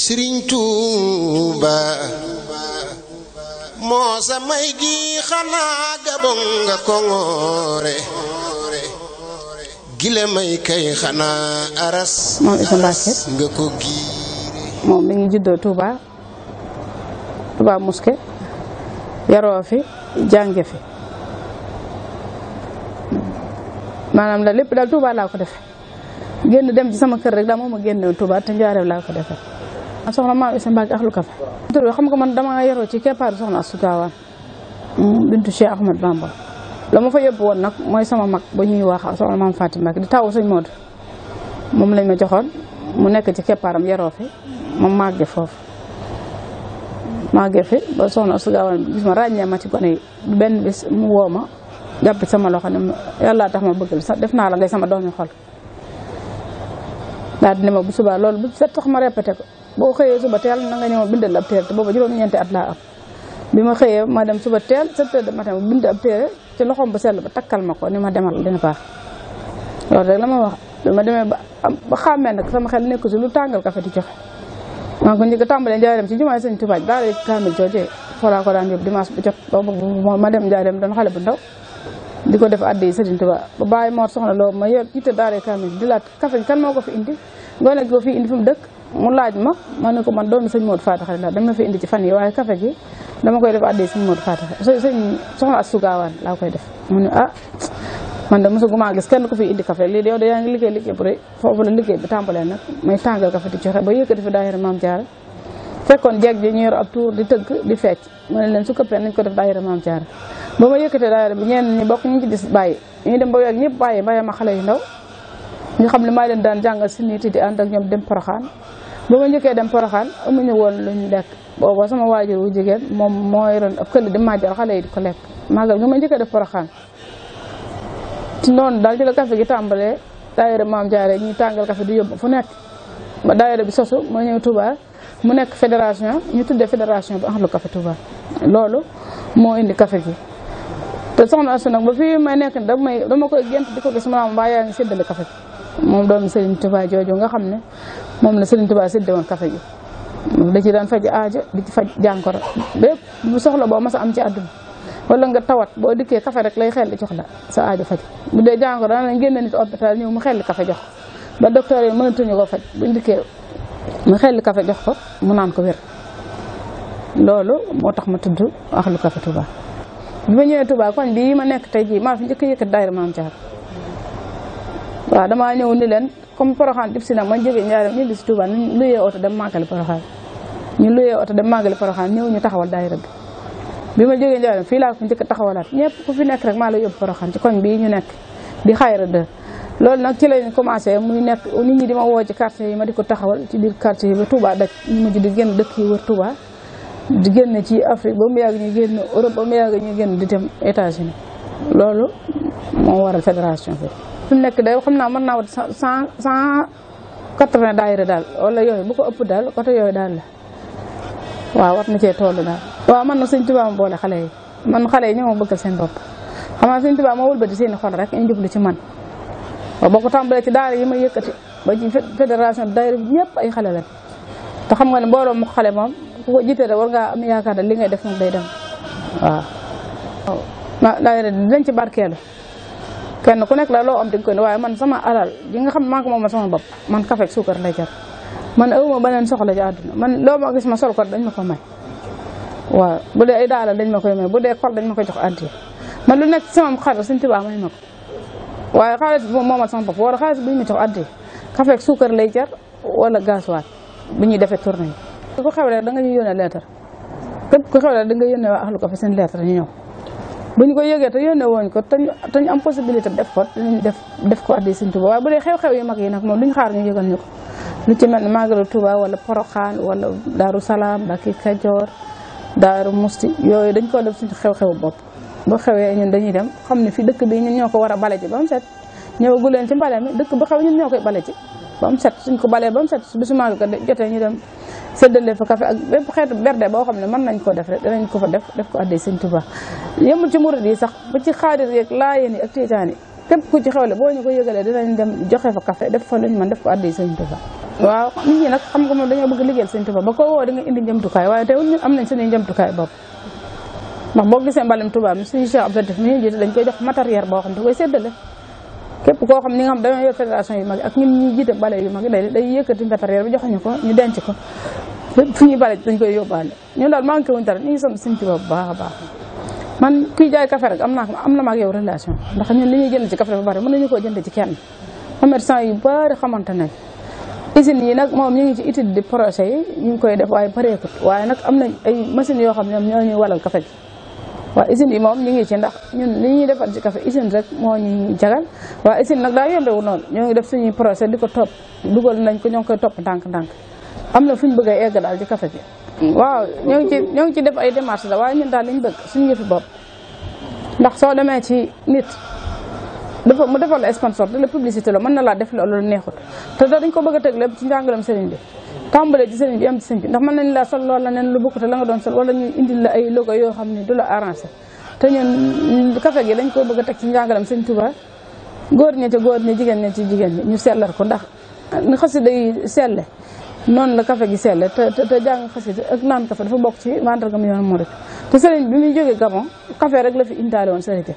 Sëriñ Tuuba moo may gi xanaa gabon nga kongoore gile may kay xanaa aras moom Issa Mbacké moom mi ngi juddoo Touba Touba Mosquée yaroo fi jànge fi maanaam la lépp daal Touba laa ko defe génn dem ci sama kër rek daa moom ma génne Touba te njaareem laa ko defe soxna maam isa mbaag ak lu kafe tur bi xam nga man dama yaroo ci keppaaru soxna Astu Gaawaan bintu Cheikh Ahmad Bamba la ma fa yóbbu woon nag mooy sama mag ba ñuy wax soxna maam Faati Mbakke di taw sëñ Moodu moom lañ ma joxoon mu nekk ci keppaaram yaroo fi ma màgge foofu màgge fi ba soxna Astu Gaawaan gis ma ràññee ma ci gone yi benn bis mu woo ma jàpp sama loxo ne yàlla tax ma bëgg la sax def naa la ngay sama doomi xol daal di ne ma bu subaa loolu bu set sax ma répété ko boo xëyee suba teel na nga ñëw bindal ab téere te booba juróom-ñeenti at laa am bi ma xëyee ma dem suba teel sept heures de matin ma bind ab téere ci loxoom bu sell ba takkal ma ko ni ma demal dina baax loolu rek la ma wax bi ma demee ba ba xàmmee nag sama xel nekk si lu tàngal kafe di joxe maa ngi ko njëkk a tàmbalee njaareem ci jumaay sëñ Tuubaa daal di ko daan yóbbu dimanche bu jot ba ma dem njaareem doon xale bu ndaw di ko def addi Sëriñ Tuubaa ba bàyyi moor soxna loo ma yor jiite daara kaamil di laat kafe kan moo ko fi indi ngoone gi ko fi indi fi mu dëkk mu laaj ma ma ko man doomi seigne Modou Faty la dama fi indi ci fan yi waaye café gi dama koy def adé seigne Modou Faty seigne sëñ soxna Astou Gawane koy def mu ne ah man dama mosaguma gis kenn ko fi indi café li yow da yaa ngi liggéey liggéey bu re fofu la liggéey bi tambalé nak may tangal café ci joxe ba yëkëti fi daayira maam jaar fekkon jégg ji ñu yor ab tour di teug di fecc mu ne len su pen ñu ko def daayira maam jaar ba ma yëkkatee daayira bi ñen ñi bokk ñu ci dis bàyyi ñi dem ba yegg ñëpp bàyyi bàyyi ma xalé yu ndaw ñu xam ne maa leen daan jangal si nit di and ak ñom dem Porokhane ba ma njëkkee dem Poroxaan amuñu woon luñ lekk booba sama waajur wu jigéen moom moo yoroon ab këll di màjjal xale yi di ko lekk màggal gi ma njëkkee def Poroxaan ci noonu daal ci la ta gi tàmbalee daayira maam jaare ñuy tàngal café di yóbbu fu nekk ma daayira bi sosu ma ñëw Touba mu nekk fédération ñu tuddee fédération bi ahlu café Touba loolu moo indi kafe gi te soxna Astou nag ba fii may nekk da may dama koy gént di ko gis mu naan mbaa yaa ngi séddale café gi moom doomu Serigne Touba nga xam ne moom la Serigne Touba séddee woon kafe gi da ci daan faj aajo di ci faj jàngoro lépp bu soxla boo mas am ci àdduna wala nga tawat boo dikkee kafe rek lay xel jox la sa ajo faj bu dee jàngoro daan génne nit hôpital ñëw mu xel kafe jox ba docteur yi mënatuñu ko faj buñ dikkee mu kafe jox ko mu naan ko wér loolu moo tax ma tudd axlu kafe Touba bi ma ñëwee Touba koñ bii ma nekk te jii maa fi njëkk yëkkat daayira maam Thiar waaw damaa ñëw ni leen comme Porokhane jub si nag ma jógee Njaaréem ñibbi si Touba ñu luyee oto dem màggali Porokhane ñu luyee oto dem màggali Porokhane ñëw ñu taxawal daayira bi bi ma jógee Njaaréem fii laa ko njëkk taxawalaat ñëpp ku fi nekk rek maa la yóbbu Porokhane ci koñ bii ñu nekk di xayra loolu na ci lañ commencé mu nekk nit ñi di ma woo ci quartier yi ma di ko taxawal ci biir quartier yi ba Touba daj ñu mujj di génn dëkk yi wër Touba di génn ci Afrique ba mu yàgg ñu na Europe ba mu yàgg ñu di dem États-Unis loolu moo waral fédération bi fi mu nekk day xam naa mën naa wat cent cent quatre-vingts daayira daal wala yooyu bu ko ëpp daal côté yooyu daal la waaw wa na cee toll daal waaw man na sëñ Tuubaa ma boole xale yi man xale yi ñoo ma seen bopp xam naa sëñ Tuubaa moo wëlbati seen i rek ñu jublu ci man waaw boo ko tàmbalee ci daara yi ma yëkkati ba ci fédération daayira bi ay xale lañ te xam nga ne mbooloo mu xale moom ku ko jiite rek war ngaa am yaakaar ne li ngay def moom day dem waaw waaw daayira dinañ ci barkeelu kenn ku nekk la loo am di nga koy waaye man sama alal yi nga xam ne maa ko moom sama bopp man kafe ak suukar lay jar man awuma beneen soxla ci àdduna man loo ma gis ma sol ko dañ ma ko may waaw bu dee ay dañ ma koy may bu dee kol dañ ma koy jox addi man lu nekk sama xaalis suñ tubaa may ma ko waaye xaalis bi moomal sama bopp wala xaalis bi ñu ma jox addi kafe ak suukar lay jar wala gasoil bu ñuy defee tournée yi ku xew rek da nga ñu yónnee lettre képp ku xew rek da nga yónnee waa ahlu kafe seen lettre ñu ñëw bu ñu ko yëgee te yónnee woon ko te ñu am possibilité def ko dinañ def def ko addi Sëriñ Tuuba waaye bu dee xew-xew yu mag yi nag moom duñ xaar ñu yëgal ko lu ci mel ne Màggalu Tuuba wala Poroxaan wala Daaru Salaam Mbàkke Kajoor Daaru Musti yooyu dañ ko def suñu xew-xewu bopp bu xewee ñun dañuy dem xam ne fi dëkk bi ñun ñoo ko war a bale ji ba mu set ñëwagu leen ci mbale mi dëkk bu xew ñun ñoo koy bale ji ba mu set suñ ko balee ba mu set su bisu màggal jotee ñu dem séddale fa café ak bépp xeetu berde boo xam ne mën nañ ko def rek danañ def def ko adday sëñ Tuubaa yemul ci murid yi sax ba ci xaadir yeeg laayeen yi ak tiijaan yi képp ku ci xewle boo ñu ko yëgalee dinañ dem joxe fa café def fa luñ mën def ko adday sëñ Tuubaa waaw nit xam nga moom dañoo bëgg liggéeyal sëñ Tuubaa ba ko woo di nga indi njëmtukaay waaye teewul ñun am nañ suñuy njëmtukaay bopp ndax boo gisee mbalim Tuubaa mi suñu Cheikh Abdou Latif mi ñu jiite dañ koy jox matériel boo xam ne da koy séddale képp koo xam ni nga xam dañoo yor fédération yu mag ak ñun ñuy jiite bale yu mag day day yëkkati ba jox ñu ko ñu denc ko fu ñuy bale dañ koy yóbbaale ñun daal manqué wuñ dara ñu ngi sant suñ ci bopp baax a baax man kuy jaay café rek am naa am na maag yow relation ndax ñun li ñuy jënd ci café ba bari mën nañu koo jënd ci kenn commerçant yu bari xamante nañ usines yi nag moom ñu ngi ci étude di projet yi ñu ngi koy def waaye pareekut waaye nag am na ay machines yoo xam ne ñoo ñuy walal kafe bi waa usine yi moom ñu ngi ci ndax ñun li ñuy defar ci café usine rek moo ñu jagal waa usine nag daa yombewu noonu ñoo ngi def suñuy projet di ko topp dugal nañ ko ñoo ngi koy topp ndànk-ndànk am na fu ñu bëgg a egg kafe ci waa bi waaw ñoo ngi ci ñoo ngi ci def ay démarches la waaye ñun daal li ñu bëgg suñu yëfi bopp ndax nit dafa mu defal la sponsor te la publicité la mën na laa def loolu neexut te ko bëgg a teg lépp ci njàngalam sëriñ bi tàmbalee ci sëriñ bi am ndax mën nañ laa sol loolu la neen lu bokk te la nga yoo xam ne du la arrangé te ñun café gi dañ ko bëgg a teg ci njàngalam sëriñ Touba góor ña ci góor ña jigéen ña ci jigéen ñi ñu sellar ko ndax ni xasida yi selle noonu la café gi selle te te jàng xasida ak naan dafa bokk ci mandarga mi yoon murit te sëriñ bi muy jógee Gabon café rek la fi indaale woon sëriñ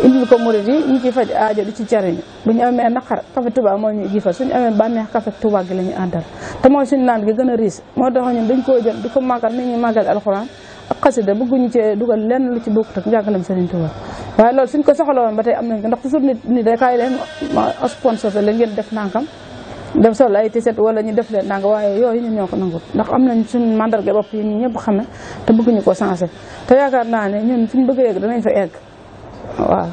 indil ko murid yi ñi ci faj aajo di ci jariñu bu ñu amee naqar café Touba moo ñuy jiifal suñu amee bànneex café Touba gi la ñu àndal te mooy suñu naan gi gën a riis moo tax ñun dañ koo jël di ñu màggal waaye loolu suñ ko soxla woon ba tey am nañ ko ndax ni day kaay leen def nangam dem sol ay ñu def leen nanga waaye yooyu ñun ñoo ko nangul ndax am nañ suñ mandarga bopp yi ñu ko changé te yaakaar naa ne ñun suñ bëgg yegg danañ fa egg waaw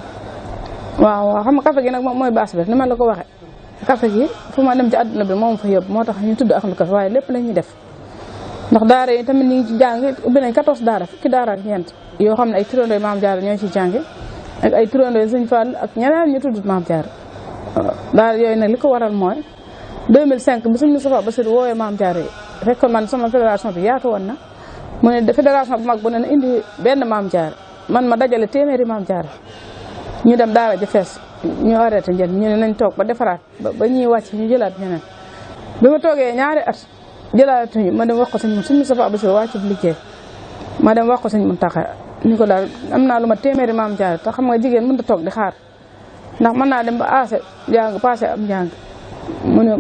waaw waaw xam nga café gi nag moom mooy baas bi ni la ko waxee café gi fu ma ne ci àdduna bi moom fa yóbbu moo tax ñu tudd Ahlu Café waaye lépp la ñuy def ndax daara yi tamit ñu ngi ci jàng ubbi nañ 14 daara fukki daara ak ñeent yoo xam ne ay turandooy maam Jaara ñoo ci jàng ak ay turandooy Sëñ Fall ak ñeneen ñu tudd maam Jaara daara yooyu nag li ko waral mooy 2005 bi suñu Moustapha Bassirou woowee maam Jaara yi fekkoon man sama fédération bi yaatu woon na mu ne fédération bu mag bu ne na indi benn maam Jaara man ma dajale téeméeri maam jaara ñu dem daara ji fees ñu arrêté njël ñu ne nañ toog ba defaraat ba ñuy wàcc ñu jëlaat ñeneen bi ma toogee ñaari at jëlaatuñu ma dem wax ko sëñ suñu safa abasir wàccub liggéey ma dem wax ko sëñ Muntaxa ni ko daal am naa lu ma téeméeri maam jaara te xam nga jigéen mënut a toog di xaar ndax mën naa dem ba aase jàng passé am njàng mu ne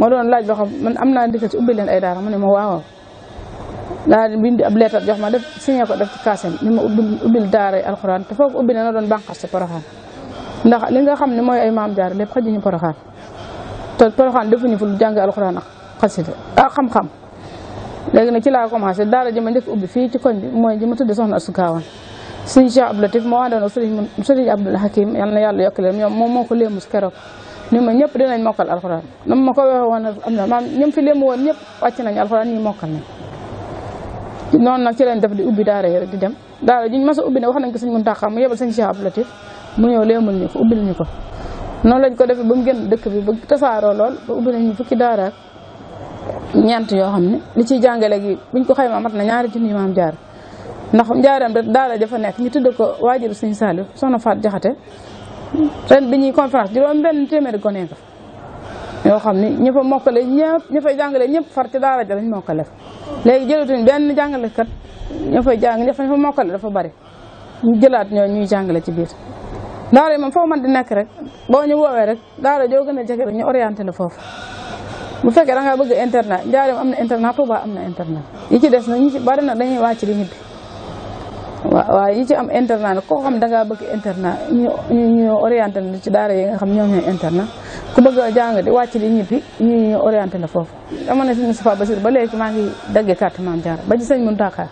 ma doon laaj loo xam man am naa ndigal ci ubbi leen ay daara mu ne ma waawaaw daa di bind ab leetar jox ma def signé ko def ci kaasam ni ma ubbil ubbil daaray alxuraan te foofu ubbi na doon bànqaas ci poroxaan ndax li nga xam ne mooy ay maam jaar lépp xajuñu poroxaan te poroxaan defuñu fu jàng alxuraan ak xasida ak xam-xam léegi nag ci laa commencé daara ji ma njëkk ubbi fii ci koñ bi mooy ji ma tudde soxna asukaawan sëñ Cheikh Abdou Latif moo àndoon sëriñ sëriñ Abdoul Hakim yal na yàlla yokk leen ñoom moom moo ko léemus keroog ni ma ñëpp dinañ mokkal alxuraan nam ma na maam ñoom fi léemu woon ñëpp wàcc nañ alxuraan ñi mokkal noonu nag ci leen def di ubbi daara yi rek di dem daara ji ñu mas a ubbi ne wax nañ ko sëñ Muntaxa mu yebal sëñ Cheikh Abdou mu ñëw leemal ñu ko ubbil ñu ko noonu lañ ko defee ba mu gën dëkk bi ba tasaaroo lool ba ubbi nañu fukki daara ak yoo xam ne li ciy jàngale gi buñ ko xay xaymaa mat na ñaari junni maam jaar ndax njaaram daara dafa nekk ñu tudd ko waajur sëñ Saliou soxna Faat Jaxate ren bi ñuy conférence juróom benn téeméeri gone nga yoo xam ni ña fa mokkale ñëpp ña fay jàngale ñëpp far ci daara ja lañ mokkale léegi jëlatuñ benn jàngalekat ña fay jàng ña fa mokkale dafa bari ñu jëlaat ñoo ñuy jàngale ci biir daara yi moom foo mën di nekk rek boo ñu woowee rek daara joo gën a jege rek ñu orienté la foofu bu fekkee da ngaa bëgg internat Njaaréem am na internat Tuuba am na internat yi ci des na ñu ci bari na dañuy wàcc di bi waaw waaye yi ci am internat nag koo xam dangaa bëgg internat ñu ñu orienté la ci daara yi nga xam ñoom ñooy internat ku bëgg jàng di wàcc di ñibbi ñu ñu orienté la foofu. amoon na si Moustapha Bassir ba léegi maa ngi daggee carte Maam Jaara ba ci sëñ Mountakha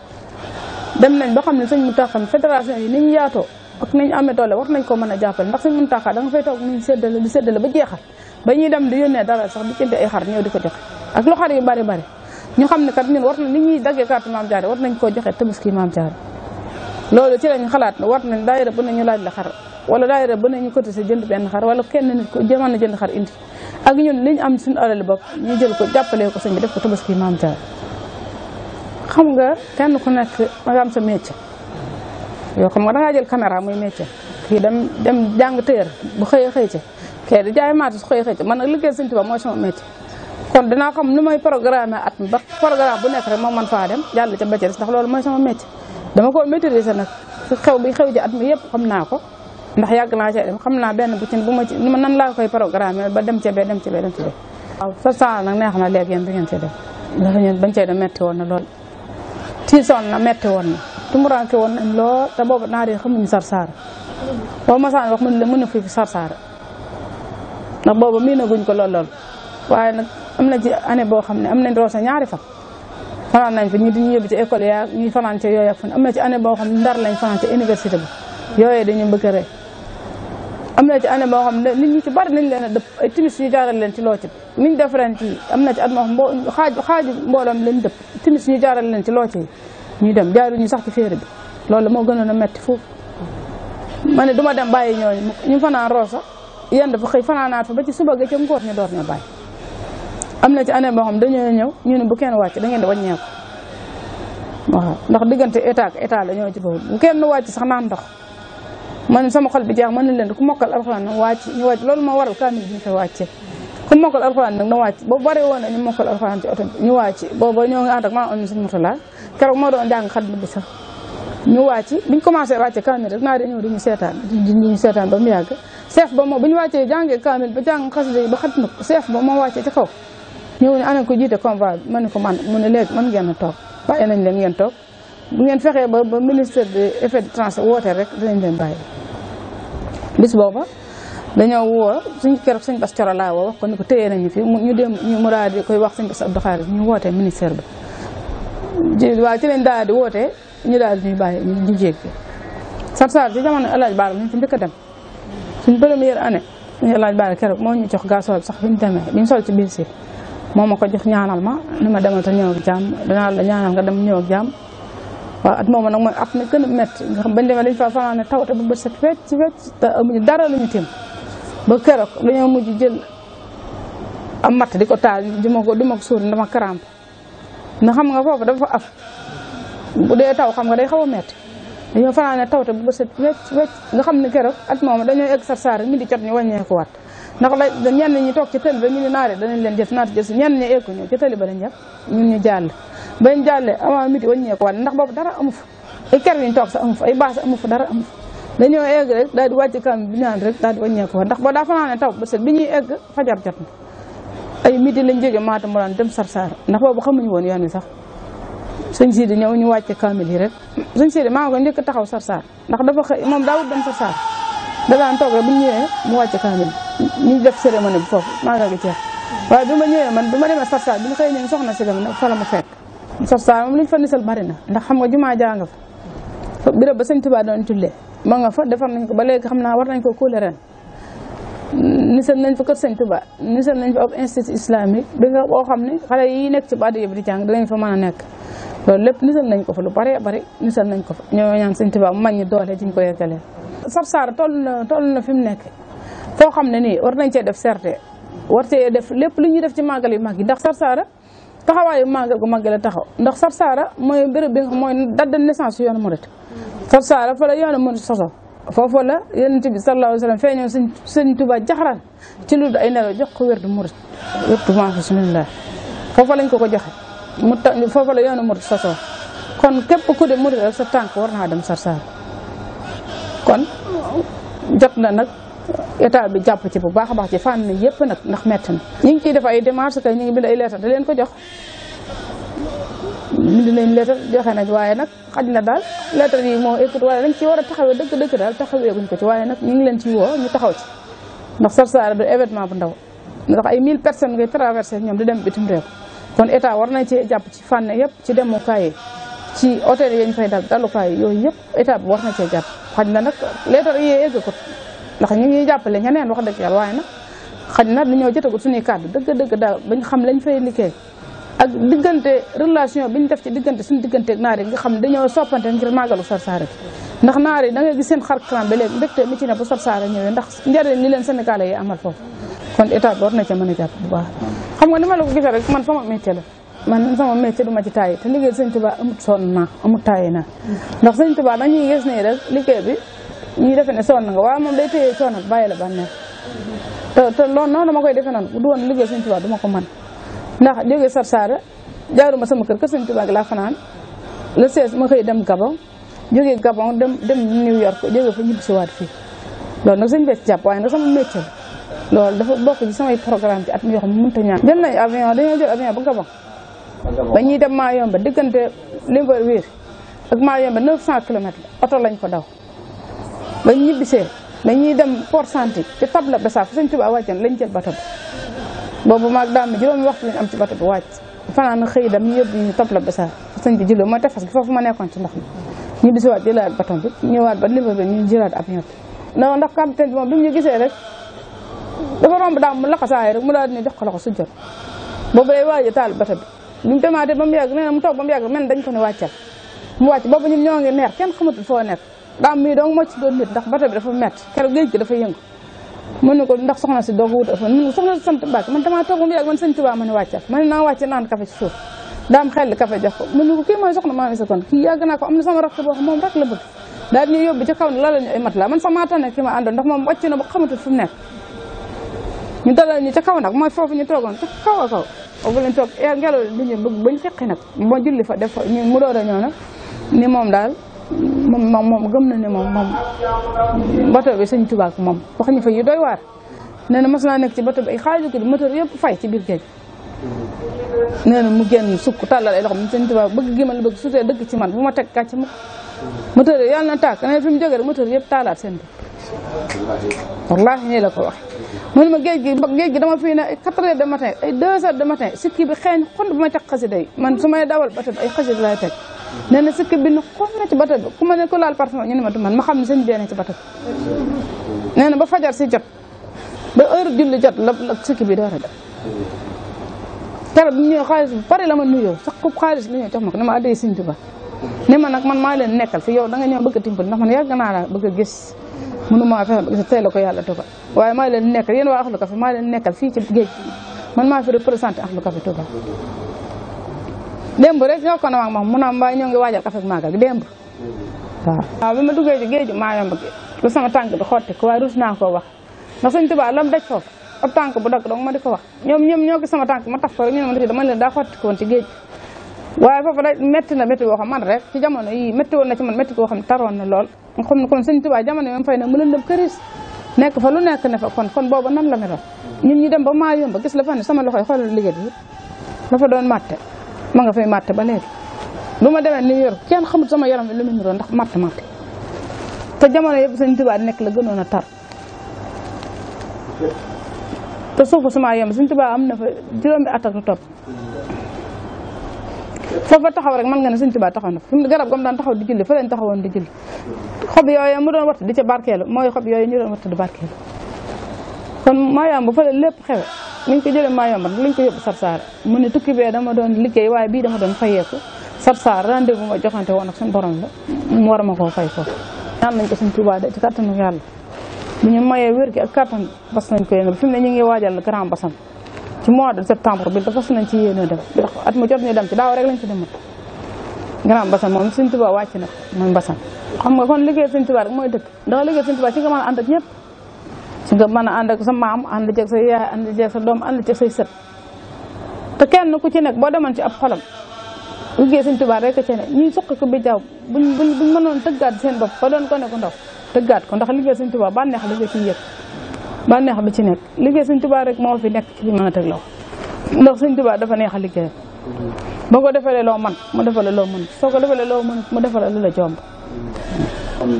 dem nañ ba xam ne sëñ Mountakha fédération yi ni ñu yaatoo ak ni ñu amee doole a jàppale ndax sëñ Mountakha da nga fay toog ñu séddale di séddale ba jeexal ba ñuy dem di yónnee dara sax di jënd ay xar ñëw di ko joxe ak lu xar yu bari bari ñu xam ne kat ñun war ni ñuy daggee carte Maam Jaara war nañ koo joxe tabaski Maam Jaara loolu ci lañ xalaat ne war nañ daayira bu ne ñu laaj la xar wala daayira bu ne ñu cotiser jënd benn xar wala kenn nit ko jëman na jënd xar indi ak ñun liñ am suñu alal bopp ñu jël ko jàppalee ko sëñ bi def ko tabaski maam Jaara xam nga kenn ku nekk da nga am sa métier yoo xam nga da ngaa jël caméra muy métier kii dem dem jàng téer bu xëyee xëy ca kee di jaay maatu su xëyee xëy ca man nag liggéey sëñ Tuubaa mooy sama métier kon dinaa xam nu may programme at mi ba programme bu nekk rek moom man faa dem jàll ca ba ca des ndax loolu mooy sama métier dama ko maîtriser nag si xew bi xew ji at mi yëpp xam naa ko ndax yàgg naa cee dem xam naa benn bu ci bu ma ci nan la koy programme ba dem cee bee dem cee bee dem cee bee. waaw sa nag na léegi yéen bi ngeen cee dem ndax ñun bañ cee dem métti woon na lool tiisoon na métti woon na tumuranke woon nañ lool te boobu naar yi xamuñu Sarsara boo ma saan wax mun la mën a fi Sarsara ndax boobu miinaguñ ko lool lool waaye nag am na ci année boo xam ne am nañ roose ñaari fan. fanaan nañ fa ñi dañuy yóbbu ci école yaa ñuy fanaan ca yooyu ak am na ci année boo xam ndar lañ fanaan ca université bi yooyu dañu bëgg a am na ci année boo xam ne nit ñi ci bari nañ leen a dëpp ay timis ñu leen ci loocit niñ def ren am na ci at moo xam mbo xaaju xaaju mbooloom lañ dëpp timis jaaral leen ci looci yi ñuy dem jaaru ñu sax ci féere bi loolu moo gënoon a metti foofu ma ne du ma dem bàyyi ñooñu ñu fanaan roo sax yenn fa xëy fanaanaat fa ba ci suba ga ca ngoor ñu door ñoo bàyyi am na ci année boo xam ñu ne bu kenn wàcc da ngeen di wàññeeku waaw ndax diggante état ak état la ñoo ci boobu bu kenn wàcc sax naan man na leen ku mokkal alxuraan nag wàcc ñu wàcc loolu moo waral kaamil bi ñu fa wàccee na wàcc ba bari woon nañu mokkal alxuraan ci oto bi ñu wàcc booba ñoo ngi ànd ak maa am suñu moto laa keroog moo doon jàng xat bi sax ñu wàcc biñ commencé wàcce kaamil rek naa di ñu seetaan di ñu ba mu yàgg seef ba moo bu ñu wàccee jàngee kaamil ba jàng xasida yi ba xat na seef ba moo wàccee ci kaw ñëw ne ana ko jiite convoi bi ma ne ko man mu ne léegi mën ngeen a toog bàyyi nañ leen ngeen toog bu ngeen fexee ba ba ministère de effet de transport woote rek dinañ leen bàyyi. bis booba dañoo woo suñ keroog suñ bas coro laa woo wax ko ni ko téye nañu fi ñu dem ñu mu daal di koy wax suñ bas Abdou Khadre ñu woote ministère bi. ji waaye ci lañ daal di woote ñu daal di ñuy bàyyi ñu jéeg bi Sarsar ci jamono El Hadj Baara ñu fi njëkk a dem suñ première année ñu El Hadj Baara keroog moo ñu jox gasoil sax bi ñu demee bi ñu sol ci biir moo ma ko jox ñaanal ma ni ma demal ta ñëw ak jàmm danaa la ñaanal nga dem ñëw ak jàmm waaw at moom nag mooy at mi a métti nga xam bañ demee ne tawte bu bët set wecc wecc te amuñu dara lu ñu tim ba keroog dañoo mujj jël am matt di ko taal di ko di ma ko suur dama xam nga foofu dafa af bu dee taw xam nga day xaw a métti dañoo fanaan ne tawte bu bët set wecc wecc nga xam ne keroog at moom dañoo egg sar saar mi di jot ñu wàññeekuwaat ndax la ñenn ñi toog ci tëli ba ñu ne naare danañ leen jël naata jël si ñenn ñi eeku ñëw ci ba lañ jàpp ñun ñu jàll bañ jàllee avant midi waññeeku waat ndax boobu dara amu fa ay ker yuñ toog sa amu fa ay baas amu fa dara amu fa dañoo egg rek daal di wàcc kam bi ñaan rek daal di waññeeku waat ndax boo taw ba sa bi ñuy egg fajar jot na ay midi lañ jógee maata mu daan dem sarsar ndax boobu xamuñu woon yoon wi sax sëñ Sidi ñëw ñu wàcce kaamil yi rek sëñ Sidi maa ngi ko njëkk taxaw sarsar ndax dafa xëy moom daawut dem sarsar da daan toog rek bu ñu ñëwee mu wàcc kaamil ñu def cérémonie bi foofu magal gi jeex waaye bi ma ñëwee man bi ma demee Sarsaar bi ñu xëy ñëw soxna si dem fa la ma fekk Sarsaar moom li ñu fa nisal bari na ndax xam nga jumaa jaa nga fa béréb ba sëñ Tuubaa doon jullee ma nga fa defar nañ ko ba léegi xam naa war nañ ko kuule ren nisal nañ fa kër sëñ Tuubaa nisal nañ fa ab institut islamique bi nga boo xam ne xale yi nekk si baadi yëpp di jàng dinañ fa a nekk loolu lépp nisal nañ ko fa lu bare bari nisal nañ ko fa ñoo ñaan sëñ mu mag ñi doole ci ñu ko yeggalee Sarsara toll na toll na fi mu nekk foo xam ne ni war nañ cee def serte war cee def lépp lu ñuy def ci màggal yu mag yi ndax Sarsara taxawaayu màggal gu màgg la taxaw ndax Sarsara mooy béréb bi nga mooy date de naissance yu yoonu murit Sarsara fa la yoonu murit soso foofu la yonent bi sallallahu alayhi wa sallam feeñoo sëñ sëñ Tuba jaxaraan ci lu ay nelaw jox ko wér du murit wér du maa bismillah foofa lañ ko ko joxe mu foofa la yoonu murit soso kon képp ku de murit rek sa tànk war naa dem Sarsara kon jot na nag état bi jàpp ci bu baax a baax ci fànn yëpp nag ndax metti na ñu ngi ciy def ay démarches kay ñu ngi bind ay leetar da leen ko jox bind nañ leetar joxe na waaye nag xaj na daal leetar yi moo écoute waaye dañ ci war a taxawee dëkk dëkk daal taxawee guñ ko ci waaye nag ñu ngi leen ci woo ñu taxaw ci ndax Sarsara du événement bu ndaw ndax ay mille personnes ngay traversé ñoom di dem bitim réew kon état war na ci jàpp ci fànn yëpp ci dem demukaay yi ci hôtel yi ñu fay dal dalukaay yooyu yëpp état bi war na cee jàpp xaj na nag leetar yee eggagut ndax ñu ngi jàppale ñeneen wax dëgg yàlla waaye nag xaj na dañoo jotagut suñuy kàddu dëgg-dëgg daal bañ xam lañ fay liggéey ak diggante relation biñ def ci diggante suñu diggante ak naar yi nga xam dañoo soppante ngir màggalu Sarsara bi ndax naar yi da ngay gis seen xar kanam ba léegi mbégte mi ci ne bu Sarsara ñëwee ndax njëriñ li leen Sénégalais yi amal foofu kon état bi war na ca mën a jàpp bu baax xam nga ni ma la ko man sama métier du ma ci tàyyi te liggéey sëñ Tuubaa amut sonn naa amut tàyyi naa ndax sëñ Tuubaa dañuy gis nii rek liggéey bi ñuy defe ne sonn nga waaye moom day téye sonn bàyyi la bànneex te te loolu noonu dama koy defe noonu bu doon liggéey sëñ Tuubaa du ko man ndax jógee sar saara jaaruma sama kër kër sëñ Tuubaa gi laa fanaan le 16 ma xëy dem Gabon jógee Gabon dem dem New York jógee fa ñibbi si waat fii loolu nag sëñ bee ci jàpp waaye nag sama métier loolu dafa bokk ci samay programme ci at mi yoo xam ne a ñaan jël nañ avion dañoo jël avion ba Gabon ba ñuy dem maa yomba diggante Libreville ak maa yomba 900 kilomètres oto lañ ko daw ba ñibbisee ba ñuy dem Port Santi ci tabla Bessa fu Sëñ Tuubaa wàccan lañ jël bato bi boobu maag daam juróomi waxtu lañ am ci bato bi wàcc fanaan xëy dem yóbbu ñu tabla Bessa fu sëñ bi juloo mooy tefes gi foofu ma nekkoon ci ndox mi ñu bisiwaat jëlaat bato bi ñëwaat ba Libreville ñu jëlaat ab ñot non ndax capitaine bi moom bi mu ñu gisee rek dafa romb daam mu laxasaay rek mu daal di jox ko loxo su jot boobu lay waaj a taal bato bi bi mu demaatee ba mu yàgg nee na mu toog ba mu yàgg mel dañ ko ne wàccal mu wàcc boobu ñun ñoo ngi neex kenn xamatul foo nekk daa am mii dong moo ci doon nit ndax bato bi dafa métti keroog géej gi dafa yëngu mën na ko ndax soxna si doog wut af mën ko soxna si sant Mbàkke man damaa toog ba mu yàgg man sëñ Tuubaa ma ne wàccal ma ne naa wàcce naan kafe ci suuf daam xel kafe jox ko mën na ko kii mooy soxna maam isa kon kii yàgg naa ko am na sama rakk boo xam moom rek la bëgg daal di ñuy yóbbu ca kaw ne la la ñu ay mat la man sama tane ki ma àndoon ndax moom wàcc na ba xamatul fu mu nekk ñu dalal ñu ca kaw nag mooy foofu ñu toogoon ca kaw a kaw bu leen toog eh, ngelaw li ñu bëgg bañ seqi nag julli fa def fa ñu mu door a ni moom daal moom moom gëm na ne moom moom bato bi sëñ Tuubaa moom wax ñu fa yi doy waar nee na mas naa nekk ci bato bi ay xaaju ko di moteur yëpp fay ci biir géej nee na mu génn sukk tàllal ay loxoom sëñ Tuubaa bëgg gi ma la bëgg sutee dëgg ci man bu ma teg kàcc ma moteur yi yàlla na tàkk nee na fi mu jógee moteur yëpp la ko wax mu ma géej gi géej gi dama fii ne ay 4 heures de matin ay 2 heures de matin sikki bi xeeñ xond bu may teg xasida yi man su may dawal bata bi ay xasida lay teg nee sikki bi ne xon na ci bata bi ku ma ne ko laal parfum ñu ne ma du man ma xam ne seen bee na ci bata bi nee na ba fajar si jot ba heure julli jot la sikki bi door a jot keroog bi ñëw xaalis bu bari la ma nuyoo sax ku xaalis la ñëw jox ma ko ne ma addee Sëñ Tuubaa ne ma nag man maa leen nekkal fi yow da nga a timbal ndax man yàgg ma fexe ba gis tey la ko yàlla dogal waaye maa leen nekkal yéen waa Ahlou Café maa leen nekkal fii ci géej man maa fi représenté Ahlou Café Touba démb rek ñoo ko na maag moom mu mba mbaa ñoo ngi waajal café maagal gi démb waaw waaw bi ma duggee ci géej maa yomb lu sama tànk di xotti ko waaye rus naa koo wax ndax sëñ Touba lam daj foofu ab tànk bu dagg dong ma di ko wax ñoom ñoom ñoo gis sama tànk ma taf ko rek ñu ne ma dama leen daa xotti ko woon ci géej waaye foofu da métti na métti xam man rek ci jamono yi métti woon ci man métti boo xam taroon na lool nga xam ne kon sëñ Tuubaa jamono yom fay na mu lëndëm këris nekk fa lu nekk ne fa kon kon booba nan la melo ñun ñu dem ba maa yomba gis la fa ne sama loxoy xoolal liggéey bi la fa doon matte ma nga fay matte ba léegi lu ma demee ni York kenn xamut sama yaram bi lu mu niroon ndax matte matte te jamono yëpp sëñ Tuubaa nekk la gënoon a tar te suufu suma yomb sëñ Tuubaa am na fa juróomi at ak lu topp foofa taxaw rek mën nga ne sëñ Tuubaa taxaw na fa mu garab gam daan taxaw di julli fa leen taxawoon di julli xob yooyu mu doon watt di ca barkeelu mooy xob doon watt di kon Mayumba fa la lépp xewe niñ ko jëlee Mayumba liñ ko yóbbu Sarsara mu ne tukki bee dama doon liggéey waaye bii dama doon fayeeku Sarsara rendez-vous ma joxante woon ak suñu borom la mu war ma koo fay foofu ñaan nañ ko sëñ Tuubaa de ci kattanu yàlla bu ñu mayee wér gi ak kattan bas nañ ko ci mois de septembre bi dafa nañ ci yéene dem ndax at mu jot ñu dem ci daaw rek lañ ci demut grand mbassane mom sëñ touba wacc na moy mbassane xam nga kon liggéey sëñ touba rek moy dëkk ndax liggéey sëñ touba ci nga mëna and ak ñepp ci nga mëna and ak sa maam ànd ceeg sa yaay ànd ceeg sa doom ànd ceeg say sët te kenn ku ci nek bo demal ci ab xolam liggéey sëñ touba rek ci ne ñi ko bi jaw buñ buñ mënon teggat seen bop fa doon ko ne ko ndox teggat ko ndax liggéey touba ba neex ci yépp bànneex bi ci nekk liggéey sëñ Tuubaa rek moo fi nekk ci li mën a teg law ndax sëñ dafa neex a liggéey boo ko defalee loo man mu defalee loo mën soo ko defalee loo mën mu defalee lu la jomb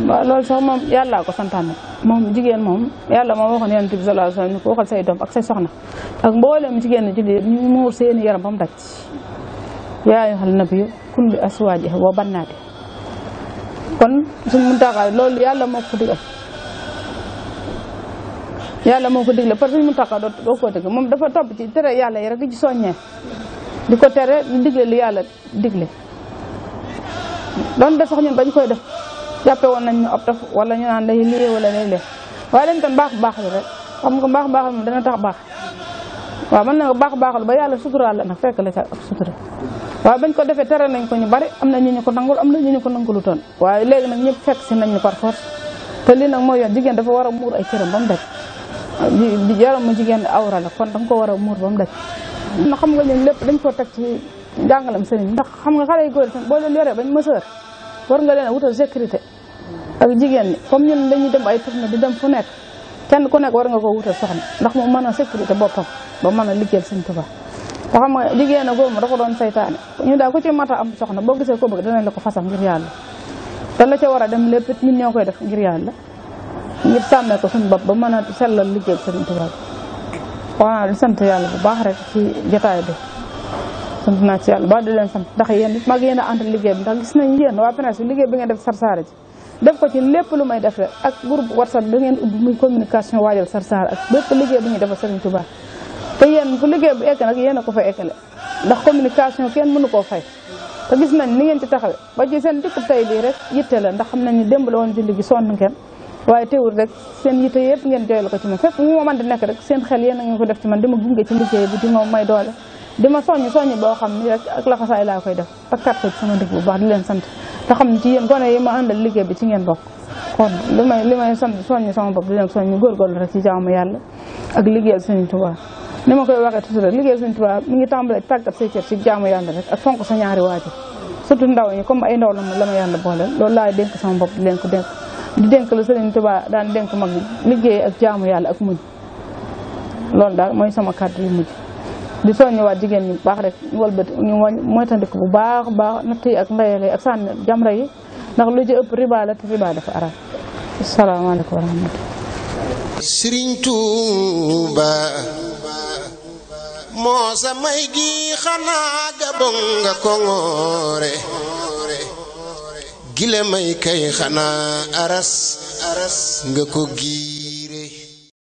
waaw loolu sax moom yàllaa ko santaane moom jigéen moom yàlla moom waxoon yonent bi sallallahu alayhi ko waxal say doom ak say soxna ak mboolem jigéen ci lii ñu muur seeni yaram ba mu daj yaa ayyuhan nabiyyu kul li azwaajika wa bannaati kon suñ mun taxaw loolu yàlla moo ko digal yàlla moo ko digle parce que mu taxa doo ko tëgg moom dafa topp ci tere yàlla yi rek ci soññee di ko tere di digle li yàlla digle doon de sax ñun bañ koy def jàppe woon nañ ñu ab taf wala ñu naan lay lii wala lay lee waaye dañ tam baax baax la xam nga baax baaxal moom tax baax waaw mën na nga baax baaxal ba yàlla suturaal la nag fekk la ca ab bañ ko defee tere nañ ko ñu bari am na ñu ko nangul am na ñu ñu ko nangulu toon waaye léegi nag ñëpp fekk si nañ ñu par force te nag mooy yoon jigéen dafa war a muur ay cëram ba mu yaramu jigéen awra la kon danga ko war a muur ba mu na xam nga ñun lépp dañ ko teg ci jàngalam sëriñ ndax xam nga xale yu boo leen yoree bañ mësër war nga leen a wutal sécurité ak jigéen ñi comme ñun dañuy dem ay tournée di dem fu nekk kenn ku nekk war nga ko wutal soxna ndax mu mën a sécurité boppam ba mën a liggéeyal sëriñ Tuubaa te xam nga a góor mu dafa doon saytaane ñu daal ku ci mata am soxna boo gisee ko bëgg danañ la ko fasal ngir yàlla te a dem lépp it ñun ñoo koy def ngir la ngir sàmmee ko suñu bopp ba mën a sellal liggéey bi sëriñ Tuubaa waaw di sant yàlla bu baax rek ci jotaay bi sant naa ci yàlla ba di leen sant ndax yéen it mag liggéey bi ndax gis nañ waa PNAS bi liggéey bi ngeen def Sarsara ci def ko ci lépp lu may def rek ak groupe WhatsApp bi ngeen ubbi muy communication waajal Sarsara ak liggéey bi ñuy defal sëriñ Tuubaa te liggéey bu egg nag yéen a ko fa ndax communication kenn mënu koo fay te gis nañ ni ngeen ci taxawe ba ci seen dikk tey bii rek yitte la ndax xam nañ ni démb la woon julli gi sonn ngeen waaye teewul rek seen yitte yëpp ngeen joyal ko ci man fépp mu ma mën di nekk rek seen xel yéen a ngeen ko def ci man dama gunge ci liggéey bi di ma may doole di ma soññ soññ boo xam ni laa koy def takkaat ko ci sama dëgg ne ci yéen gone yi ma àndal liggéey bi ci ngeen bokk kon li may li rek ci jaamu yàlla ak liggéeyal Sëriñ Tuubaa ni ma koy waxee toujours rek liggéeyal Sëriñ Tuubaa mi ngi tàmbalee tàggat say cër ci rek ak fonk sa ñaari waajur surtout ndaw ñi comme ay ndaw la ma la ma yàlla boole loolu laay dénk sama bopp di leen ko dénk di denk lu serigne touba daan denk mag liggey ak jaamu yalla ak muñ lool daal moy sama kaddu yu mujj di soñu wa jigen bu bax rek walbati ñu moytandiku bu baax baax natt yi ak ndeyale ak san jam ray ndax lu ci upp riba la riba dafa ara assalamu alaykum wa rahmatullahi serigne touba mo sa may gi xana gabon nga ko ngoore gile may kay xanaa aras aras nga ko gi